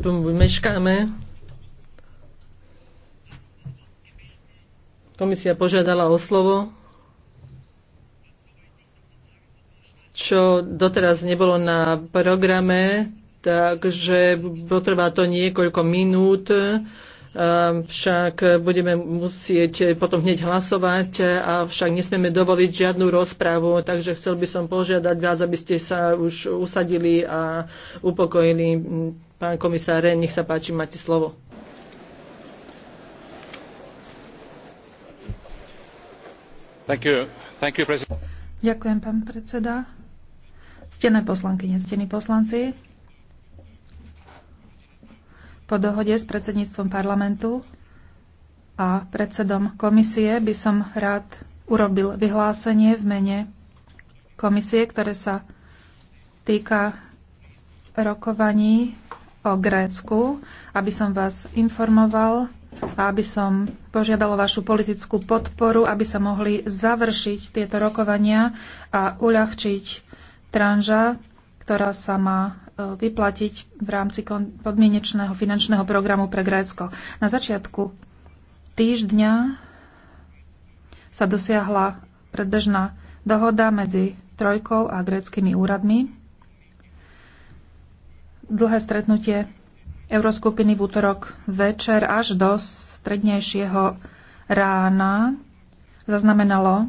tu meškáme. Komisia požiadala o slovo, čo doteraz nebolo na programe, takže potrvá to niekoľko minút. Ehm, však budeme musieť potom hneď hlasovať a však nesmieme dovoliť žiadnu rozprávu, takže chcel by som požiadať vás, aby ste sa už usadili a upokojili. Pán komisár nech sa páči, máte slovo. Thank you. Thank you, Ďakujem, pán predseda. Stené poslanky, nestení poslanci. Po dohode s predsedníctvom parlamentu a predsedom komisie by som rád urobil vyhlásenie v mene komisie, ktoré sa týka rokovaní o Grécku, aby som vás informoval a aby som požiadal vašu politickú podporu, aby sa mohli završiť tieto rokovania a uľahčiť tranža, ktorá sa má vyplatiť v rámci podmienečného finančného programu pre Grécko. Na začiatku týždňa sa dosiahla predbežná dohoda medzi Trojkou a gréckými úradmi. Dlhé stretnutie Euroskupiny v útorok večer až do strednejšieho rána zaznamenalo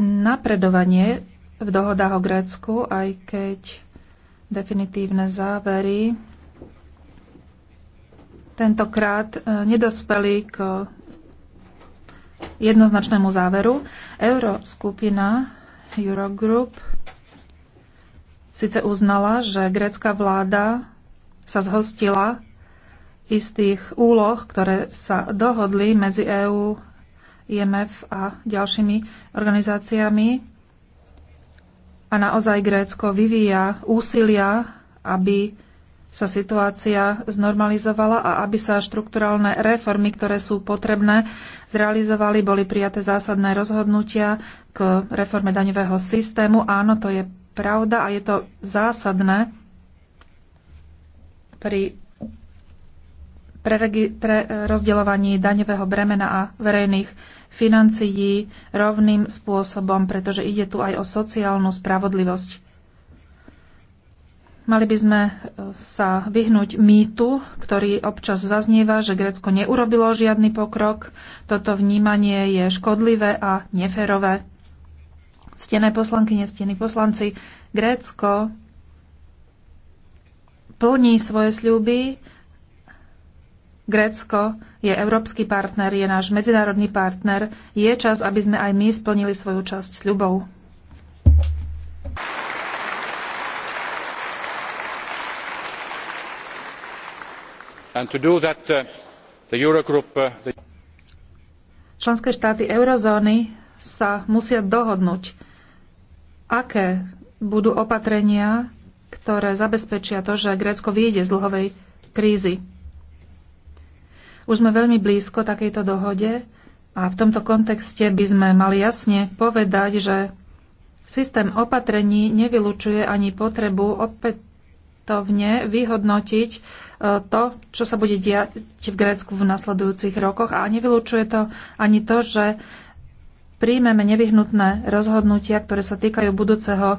napredovanie v dohodách o Grécku, aj keď definitívne závery tentokrát e, nedospeli k jednoznačnému záveru. Euroskupina Eurogroup síce uznala, že grécka vláda sa zhostila istých úloh, ktoré sa dohodli medzi EÚ, IMF a ďalšími organizáciami a naozaj Grécko vyvíja úsilia, aby sa situácia znormalizovala a aby sa štrukturálne reformy, ktoré sú potrebné, zrealizovali, boli prijaté zásadné rozhodnutia k reforme daňového systému. Áno, to je pravda a je to zásadné pri pre, pre eh, rozdeľovaní daňového bremena a verejných financií rovným spôsobom, pretože ide tu aj o sociálnu spravodlivosť. Mali by sme eh, sa vyhnúť mýtu, ktorý občas zaznieva, že Grécko neurobilo žiadny pokrok. Toto vnímanie je škodlivé a neférové. Stené poslanky, nestení poslanci, Grécko plní svoje sľuby, Grécko je európsky partner, je náš medzinárodný partner. Je čas, aby sme aj my splnili svoju časť s That, uh, the Eurogroup, uh, the... Členské štáty eurozóny sa musia dohodnúť, aké budú opatrenia, ktoré zabezpečia to, že Grécko vyjde z dlhovej krízy. Už sme veľmi blízko takejto dohode a v tomto kontexte by sme mali jasne povedať, že systém opatrení nevylučuje ani potrebu opätovne vyhodnotiť e, to, čo sa bude diať v Grécku v nasledujúcich rokoch a nevylučuje to ani to, že príjmeme nevyhnutné rozhodnutia, ktoré sa týkajú budúceho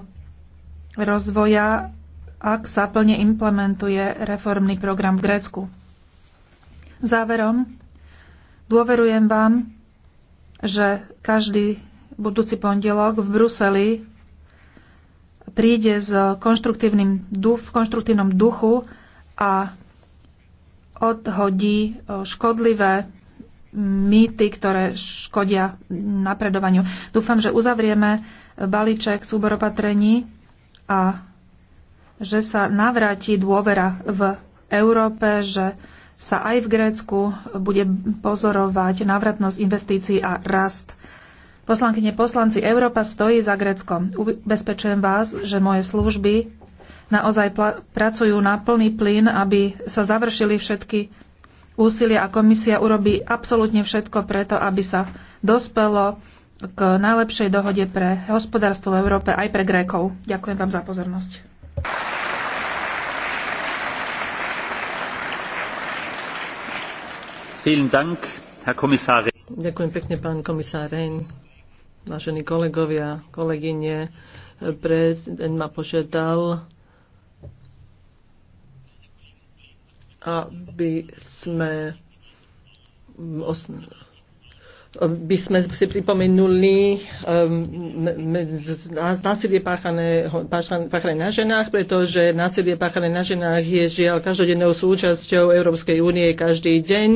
rozvoja, ak sa plne implementuje reformný program v Grécku. Záverom, dôverujem vám, že každý budúci pondelok v Bruseli príde s konštruktívnym, v konštruktívnom duchu a odhodí e, škodlivé mýty, ktoré škodia napredovaniu. Dúfam, že uzavrieme balíček súbor opatrení a že sa navráti dôvera v Európe, že sa aj v Grécku bude pozorovať návratnosť investícií a rast. Poslankyne poslanci, Európa stojí za Gréckom. Ubezpečujem vás, že moje služby naozaj pracujú na plný plyn, aby sa završili všetky úsilia a komisia urobí absolútne všetko preto, aby sa dospelo k najlepšej dohode pre hospodárstvo v Európe aj pre Grékov. Ďakujem vám za pozornosť. Ďakujem pekne, pán komisár Rehn. Vážení kolegovia, kolegyne, prezident ma požiadal, aby sme by sme si pripomenuli um, násilie páchané, páchané na ženách, pretože násilie páchané na ženách je žiaľ každodennou súčasťou Európskej únie každý deň